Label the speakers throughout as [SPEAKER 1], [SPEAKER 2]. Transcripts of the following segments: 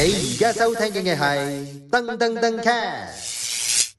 [SPEAKER 1] 你而家收聽嘅係噔噔噔 cast，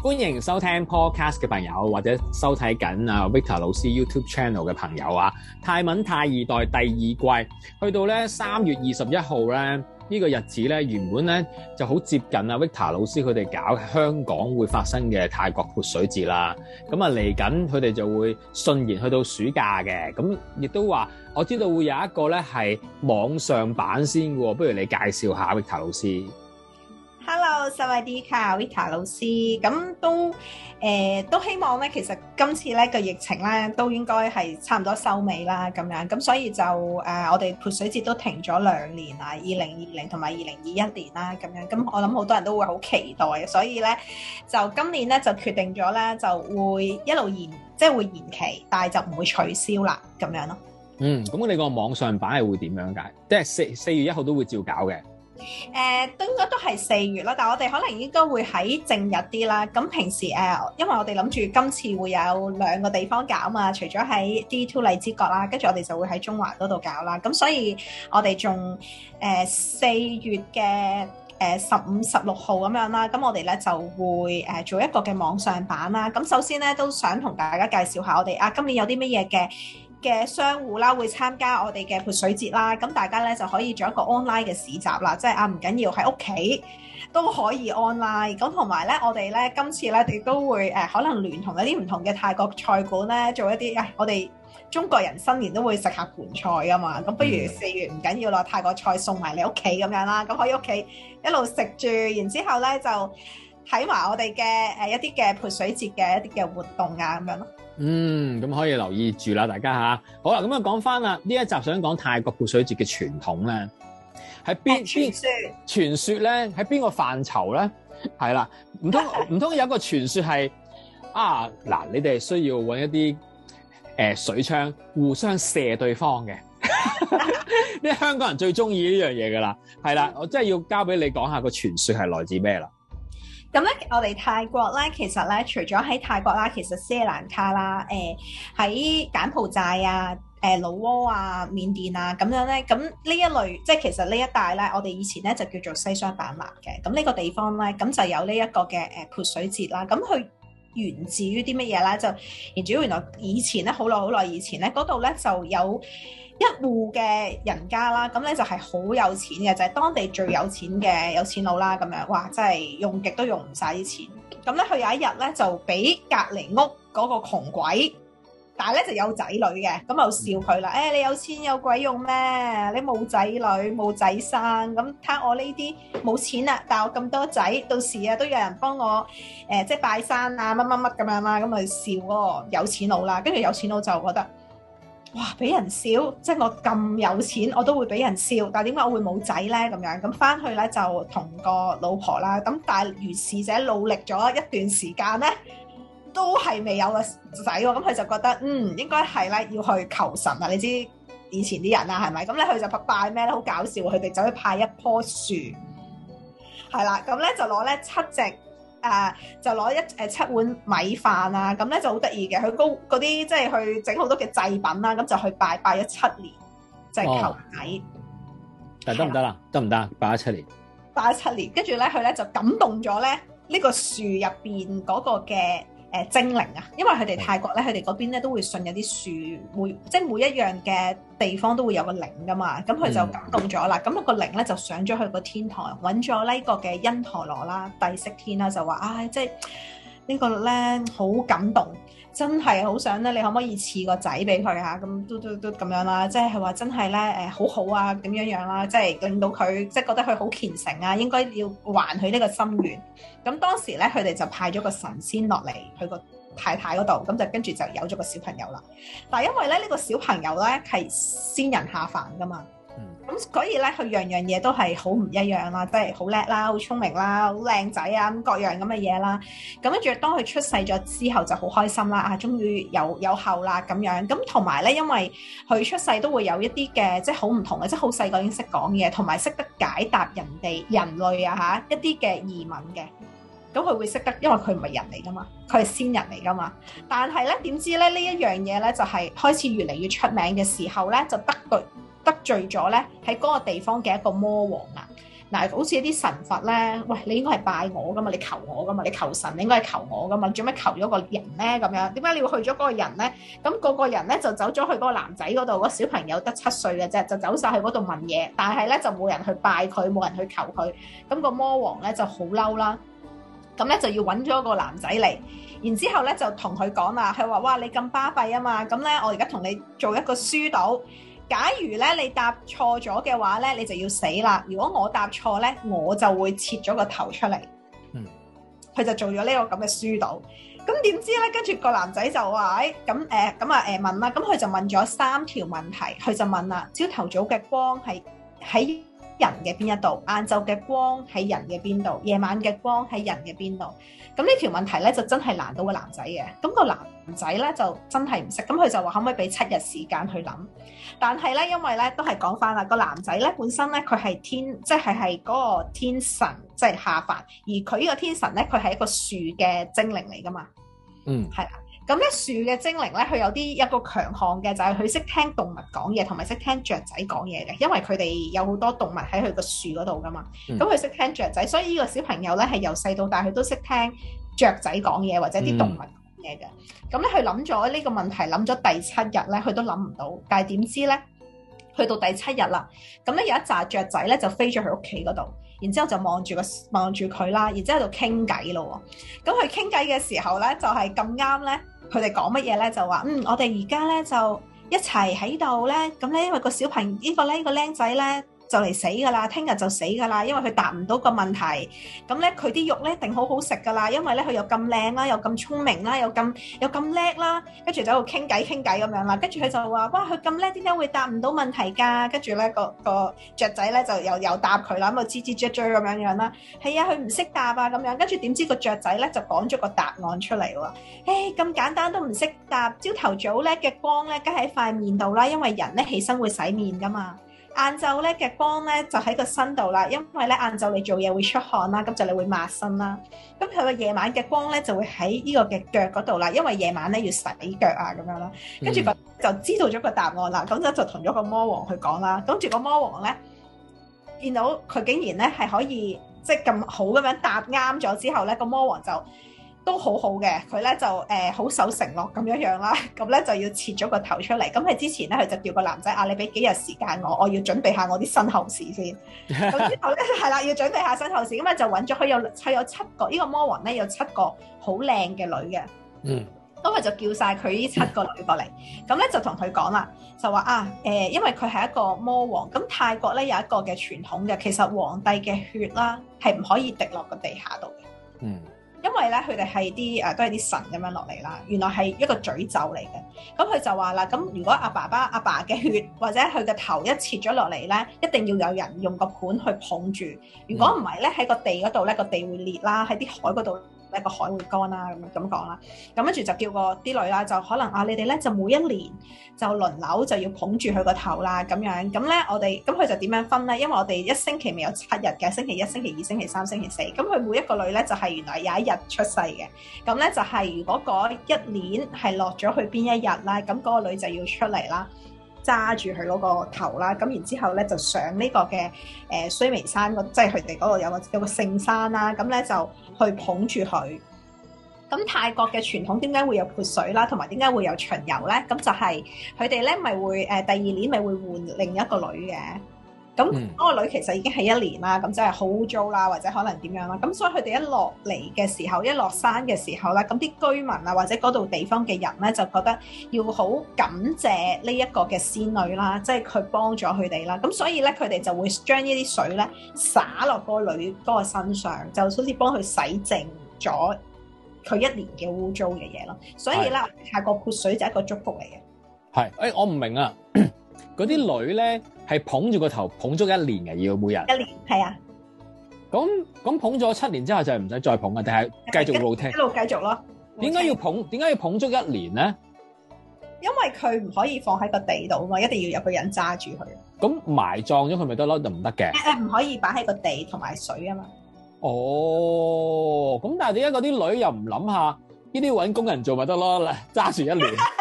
[SPEAKER 1] 歡迎收聽 podcast 嘅朋友，或者收睇緊 Victor 老師 YouTube channel 嘅朋友啊，《泰文泰二代》第二季去到呢三月二十一號呢。呢個日子咧，原本咧就好接近啊，Victor 老師佢哋搞香港會發生嘅泰國潑水節啦。咁、嗯、啊，嚟緊佢哋就會順延去到暑假嘅。咁、嗯、亦都話，我知道會有一個咧係網上版先嘅喎。不如你介紹下 Victor 老師。
[SPEAKER 2] Hello，Sawadika Vita 老師，咁都誒、呃、都希望咧，其實今次咧個疫情咧都應該係差唔多收尾啦，咁樣咁、嗯、所以就誒、呃、我哋潑水節都停咗兩年啦，二零二零同埋二零二一年啦，咁樣咁我諗好多人都會好期待嘅，所以咧就今年咧就決定咗咧就會一路延，即係會延期，但係就唔會取消啦，咁樣咯。嗯，
[SPEAKER 1] 咁你個網上版係會點樣解？即係四四月一號都會照搞嘅。
[SPEAKER 2] 誒，呃、應該都應該都係四月啦，但係我哋可能應該會喺正日啲啦。咁平時誒、呃，因為我哋諗住今次會有兩個地方搞啊嘛，除咗喺 D Two 荔枝角啦，跟住我哋就會喺中環嗰度搞啦。咁所以我哋仲誒四月嘅誒十五、十六號咁樣啦。咁我哋咧就會誒做一個嘅網上版啦。咁首先咧都想同大家介紹下我哋啊，今年有啲乜嘢嘅嘅商戶啦，會參加我哋嘅潑水節啦，咁大家咧就可以做一個 online 嘅市集啦，即係啊唔緊要喺屋企都可以 online。咁同埋咧，我哋咧今次咧亦都會誒、呃、可能聯同一啲唔同嘅泰國菜館咧做一啲誒、哎，我哋中國人新年都會食下盤菜噶嘛，咁不如四月唔緊要攞泰國菜送埋你屋企咁樣啦，咁、啊、可以屋企一路食住，然之後咧就睇埋我哋嘅誒一啲嘅潑水節嘅一啲嘅活動啊咁樣咯。
[SPEAKER 1] 嗯，咁可以留意住啦，大家吓，好啦，咁啊，講翻啦，呢一集想講泰國潑水節嘅傳統咧，喺邊邊傳說咧，喺邊個範疇咧？係啦，唔通唔通有一個傳說係啊嗱，你哋需要揾一啲誒、呃、水槍互相射對方嘅，呢 香港人最中意呢樣嘢噶啦，係啦，我真係要交俾你講下個傳說係來自咩啦。
[SPEAKER 2] 咁咧，我哋泰國咧，其實咧，除咗喺泰國啦，其實斯里蘭卡啦，誒、呃、喺柬埔寨啊、誒老撾啊、緬甸啊咁樣咧，咁呢一類，即係其實呢一帶咧，我哋以前咧就叫做西雙版納嘅，咁呢個地方咧，咁就有呢一個嘅誒潑水節啦，咁去。源自於啲乜嘢咧？就而主要原來以前咧，好耐好耐以前咧，嗰度咧就有一戶嘅人家啦，咁咧就係好有錢嘅，就係當地最有錢嘅有錢佬啦。咁樣哇，真係用極都用唔晒啲錢。咁咧，佢有一日咧就俾隔離屋嗰個窮鬼。但係咧就有仔女嘅，咁又笑佢啦。誒、哎，你有錢有鬼用咩？你冇仔女冇仔生，咁睇我呢啲冇錢啊！但係我咁多仔，到時啊都有人幫我誒、呃，即係拜山啊乜乜乜咁樣啦，咁咪笑喎有錢佬啦。跟住有錢佬就覺得，哇俾人笑！即係我咁有錢，我都會俾人笑。但係點解我會冇仔咧咁樣？咁返去咧就同個老婆啦。咁但係如是者努力咗一段時間咧。都係未有個仔喎，咁佢就覺得嗯，應該係咧，要去求神啊。你知以前啲人啦，係咪咁咧？佢就拜咩咧？好搞笑，佢哋走去派一棵樹，係啦。咁咧就攞咧七隻誒、呃，就攞一誒七碗米飯啊。咁咧就好得意嘅，佢高嗰啲即係去整好多嘅祭品啦。咁就去拜拜咗七年，就係、是、求仔、哦。
[SPEAKER 1] 但係得唔得啦？得唔得？拜咗七年，
[SPEAKER 2] 拜咗七年，跟住咧佢咧就感動咗咧呢個樹入邊嗰個嘅。誒精靈啊，因為佢哋泰國咧，佢哋嗰邊咧都會信有啲樹，每即係每一樣嘅地方都會有個靈噶嘛，咁佢就感動咗啦，咁、嗯、個靈咧就上咗去個天堂揾咗呢個嘅因陀羅啦、帝釋天啦，就話唉、哎，即係。個呢個咧好感動，真係好想咧，你可唔可以賜個仔俾佢吓？咁都都都咁樣啦，即係話真係咧誒，好好啊點樣樣啦，即係令到佢即係覺得佢好虔誠啊，應該要還佢呢個心願。咁當時咧，佢哋就派咗個神仙落嚟去個太太嗰度，咁就跟住就有咗個小朋友啦。但係因為咧呢、這個小朋友咧係仙人下凡噶嘛。咁所以咧，佢樣樣嘢都係好唔一樣啦，即係好叻啦，好聰明啦，好靚仔啊，咁各樣咁嘅嘢啦。咁跟住，當佢出世咗之後，就好開心啦啊！終於有有後啦咁樣。咁同埋咧，因為佢出世都會有一啲嘅即係好唔同嘅，即係好細個已經識講嘢，同埋識得解答人哋人類啊嚇一啲嘅疑問嘅。咁佢會識得，因為佢唔係人嚟噶嘛，佢係先人嚟噶嘛。但係咧，點知咧呢一樣嘢咧就係開始越嚟越出名嘅時候咧，就得對。得罪咗咧，喺嗰個地方嘅一個魔王啊！嗱，好似啲神佛咧，喂，你應該係拜我噶嘛，你求我噶嘛，你求神，你應該係求我噶嘛，做咩求咗個人咧？咁樣，點解你要去咗嗰個人咧？咁、嗰個個人咧、嗰個、就走咗去嗰個男仔嗰度，嗰個小朋友得七歲嘅啫，就走晒去嗰度問嘢，但係咧就冇人去拜佢，冇人去求佢，咁、嗰個魔王咧就好嬲啦，咁咧就要揾咗個男仔嚟，然之後咧就同佢講啦，佢話：「哇，你咁巴閉啊嘛！咁咧，我而家同你做一個書賭。假如咧你答錯咗嘅話咧，你就要死啦！如果我答錯咧，我就會切咗個頭出嚟。嗯，佢就做咗呢個咁嘅書度。咁點知咧？跟住個男仔就話：哎、欸，咁、欸、誒，咁啊誒問啦。咁佢就問咗三條問題，佢就問啦：朝頭早嘅光係喺人嘅邊一度，晏晝嘅光喺人嘅邊度，夜晚嘅光喺人嘅邊度。咁呢條問題咧就真係難到個男仔嘅。咁個男仔咧就真係唔識，咁佢就話可唔可以俾七日時間去諗？但係咧，因為咧都係講返啦，個男仔咧本身咧佢係天，即係係嗰個天神，即係下凡，而佢呢個天神咧佢係一個樹嘅精靈嚟㗎嘛。嗯，係啊。咁咧樹嘅精靈咧，佢有啲一個強項嘅，就係佢識聽動物講嘢，同埋識聽雀仔講嘢嘅。因為佢哋有好多動物喺佢個樹嗰度㗎嘛，咁佢識聽雀仔，所以呢個小朋友咧係由細到大佢都識聽雀仔講嘢或者啲動物講嘢嘅。咁咧佢諗咗呢個問題，諗咗第七日咧，佢都諗唔到。但係點知咧，去到第七日啦，咁咧有一紮雀仔咧就飛咗佢屋企嗰度。然之後就望住個望住佢啦，然之後就傾偈咯喎。咁佢傾偈嘅時候咧，就係咁啱咧，佢哋講乜嘢咧，就話嗯，我哋而家咧就一齊喺度咧，咁咧因為個小朋友呢個咧個僆仔咧。就嚟死㗎喇，聽日就死㗎喇，因為佢答唔到個問題。咁咧，佢啲肉咧一定好好食㗎喇，因為咧佢又咁靚啦，又咁聰明啦，又咁又咁叻啦。跟住就喺度傾偈傾偈咁樣啦。跟住佢就話：哇，佢咁叻點解會答唔到問題㗎？跟住咧個、那個雀仔咧就又又答佢啦，咁就吱吱喳喳咁樣樣啦。係、哎、啊，佢唔識答啊咁樣。跟住點知個雀仔咧就講咗個答案出嚟喎。誒、哎，咁簡單都唔識答。朝頭早咧嘅光咧，梗喺塊面度啦，因為人咧起身會洗面㗎嘛。晏晝咧嘅光咧就喺個身度啦，因為咧晏晝你做嘢會出汗啦，咁就你會抹身啦。咁佢個夜晚嘅光咧就會喺呢個嘅腳嗰度啦，因為夜晚咧要洗腳啊咁樣啦。跟住就知道咗個答案啦，咁就就同咗個魔王去講啦。跟住個魔王咧見到佢竟然咧係可以即係咁好咁樣答啱咗之後咧，個魔王就。都好好嘅，佢咧就誒好、呃、守承諾咁樣樣啦，咁咧就要切咗個頭出嚟。咁佢之前咧，佢就叫個男仔啊，你俾幾日時間我，我要準備下我啲身後事先。
[SPEAKER 1] 咁
[SPEAKER 2] 之後咧，係啦，要準備下身後事，咁咪就揾咗佢有佢有七個，呢、呢個魔王咧有七個好靚嘅女嘅。嗯，咁咪就叫晒佢呢七個女過嚟，咁咧就同佢講啦，就話啊誒，因為佢係一個魔王，咁泰國咧有一個嘅傳統嘅，其實皇帝嘅血啦係唔可以滴落個地下度嘅。嗯。因為咧，佢哋係啲誒，都係啲神咁樣落嚟啦。原來係一個詛咒嚟嘅。咁佢就話啦，咁如果阿爸爸、阿爸嘅血或者佢嘅頭一切咗落嚟咧，一定要有人用個盤去捧住。如果唔係咧，喺個地嗰度咧，個地會裂啦。喺啲海嗰度，一個海會乾啦，咁咁講啦，咁跟住就叫個啲女啦，就可能啊，你哋咧就每一年就輪流就要捧住佢個頭啦咁樣。咁咧我哋咁佢就點樣分咧？因為我哋一星期未有七日嘅，星期一、星期二、星期三、星期四，咁佢每一個女咧就係原來有一日出世嘅，咁咧就係如果嗰一年係落咗去邊一日咧，咁、那、嗰個女就要出嚟啦。揸住佢嗰個頭啦，咁然之後咧就上呢個嘅誒衰眉山，即係佢哋嗰度有個有個聖山啦，咁咧就去捧住佢。咁泰國嘅傳統點解會有潑水啦，同埋點解會有巡遊咧？咁就係佢哋咧咪會誒第二年咪會換另一個女嘅。咁嗰、嗯、個女其實已經係一年啦，咁即係好污糟啦，或者可能點樣啦，咁所以佢哋一落嚟嘅時候，一落山嘅時候啦，咁啲居民啊，或者嗰度地方嘅人咧，就覺得要好感謝呢一個嘅仙女啦，即係佢幫咗佢哋啦，咁所以咧，佢哋就會將呢啲水咧灑落個女嗰個身上，就好似幫佢洗淨咗佢一年嘅污糟嘅嘢咯。所以咧，是下個潑水就係一個祝福嚟
[SPEAKER 1] 嘅。係，誒、欸，我唔明啊。嗰啲女咧係捧住個頭捧足一年嘅，要每日一年係啊。咁咁捧咗七年之後就係唔使再捧啊，定係繼續路聽一路繼續咯。點解要捧？點解要捧足一年咧？
[SPEAKER 2] 因為佢唔可以放喺個地度啊嘛，一定要有個人揸住佢。
[SPEAKER 1] 咁埋葬咗佢咪得咯？就唔得嘅。誒
[SPEAKER 2] 唔可以擺喺個地同埋水啊嘛。
[SPEAKER 1] 哦，咁但係點解嗰啲女又唔諗下呢啲搵工人做咪得咯？揸住一年。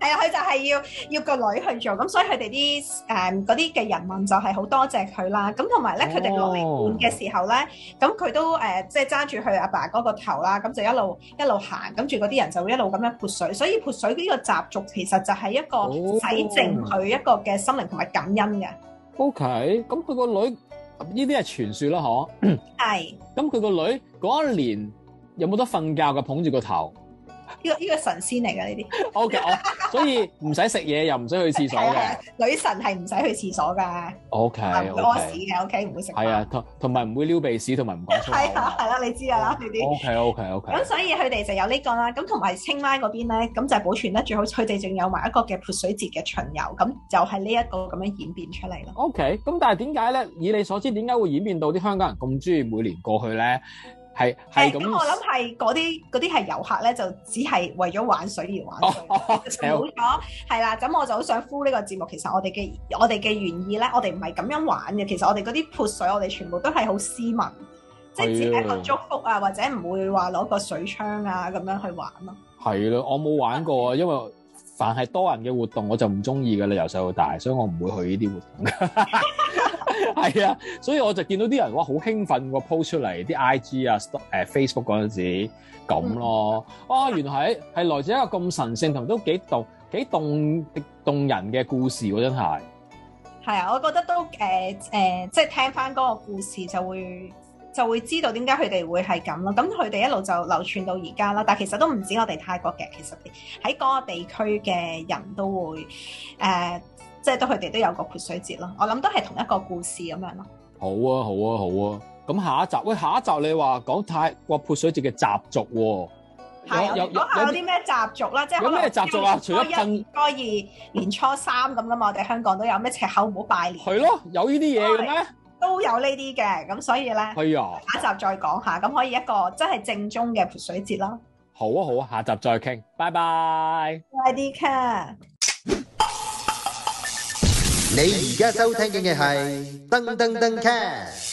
[SPEAKER 2] 係啊，佢就係要要個女去做，咁所以佢哋啲誒嗰啲嘅人民就係好多謝佢啦。咁同埋咧，佢哋落嚟換嘅時候咧，咁佢都誒即係揸住佢阿爸嗰個頭啦，咁就一路一路行，跟住嗰啲人就會一路咁樣潑水。所以潑水呢個習俗其實就係一個洗淨佢一個嘅心靈同埋感恩嘅。
[SPEAKER 1] OK，咁佢個女呢啲係傳說咯，嗬。係。 咁佢 的個女嗰一年有冇得瞓覺嘅捧住個頭？
[SPEAKER 2] 呢個呢個神仙嚟噶呢啲，O K，
[SPEAKER 1] 所以唔使食嘢，又唔使去廁所嘅。
[SPEAKER 2] 女神係唔使去廁所噶
[SPEAKER 1] ，O K，唔會屙屎
[SPEAKER 2] 嘅，O K，唔會食飯。係
[SPEAKER 1] 啊，同同埋唔會撩鼻屎，同埋唔
[SPEAKER 2] 講粗口。係啦，係啦，你知噶啦呢啲。O
[SPEAKER 1] K，O K，O K。咁所
[SPEAKER 2] 以佢哋就有呢個啦。咁同埋清邁嗰邊咧，咁就係保存得最好。佢哋仲有埋一個嘅潑水節嘅巡遊，咁就係呢一個咁樣演變出嚟咯。O K，咁但係點
[SPEAKER 1] 解咧？以你所知，點解會演變到啲香港人咁中意每年過去咧？係，係咁。咁我諗
[SPEAKER 2] 係嗰啲嗰啲係遊客咧，就只係為咗玩水而玩水，冇咗、oh。係啦， 咁我就好想呼呢個節目。其實我哋嘅我哋嘅原意咧，我哋唔係咁樣玩嘅。其實我哋嗰啲潑水，我哋全部都係好斯文，的即係
[SPEAKER 1] 只係個祝
[SPEAKER 2] 福啊，或者唔會話攞個水槍啊咁樣去玩咯、啊。
[SPEAKER 1] 係咯，我冇玩過啊，因為凡係多人嘅活動，我就唔中意噶啦。由細到大，所以我唔會去呢啲活動。 係 啊，所以我就見到啲人哇，好興奮喎，po 出嚟啲 IG 啊，誒、啊啊、Facebook 嗰陣時咁咯，哦、啊，原來喺係來自一個咁神聖同都幾動幾動動人嘅故事喎、啊，真係。
[SPEAKER 2] 係啊，我覺得都誒誒，即、呃、係、呃就是、聽翻嗰個故事就會就會知道點解佢哋會係咁咯。咁佢哋一路就流傳到而家啦。但其實都唔止我哋泰國嘅，其實喺嗰個地區嘅人都會誒。呃即係都佢哋都有個潑水節咯，我諗都係同一個故事咁樣咯。
[SPEAKER 1] 好啊，好啊，好啊！咁、嗯、下一集喂，下一集你話講泰國潑水節嘅習俗，有有有啲
[SPEAKER 2] 咩習俗啦？即係有咩習俗啊？除咗年初一二、年初三咁噶嘛，我哋香港都有咩赤口唔好拜年？係
[SPEAKER 1] 咯，有呢啲嘢嘅咩？
[SPEAKER 2] 都有呢啲嘅，咁所以咧，係啊的，下一集再講下，咁可以一個真係正宗嘅潑水節啦。
[SPEAKER 1] 好啊，好啊，下一集再傾，
[SPEAKER 2] 拜拜。Bye，D
[SPEAKER 1] 你而家收聽嘅係噔噔噔 cast。